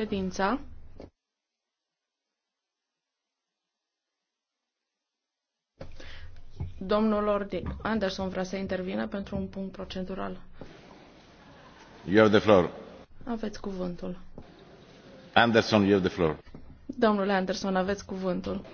ședința. Domnul Lord Anderson vrea să intervină pentru un punct procedural. You have the floor. Aveți cuvântul. Anderson, you have the floor. Domnule Anderson, aveți cuvântul.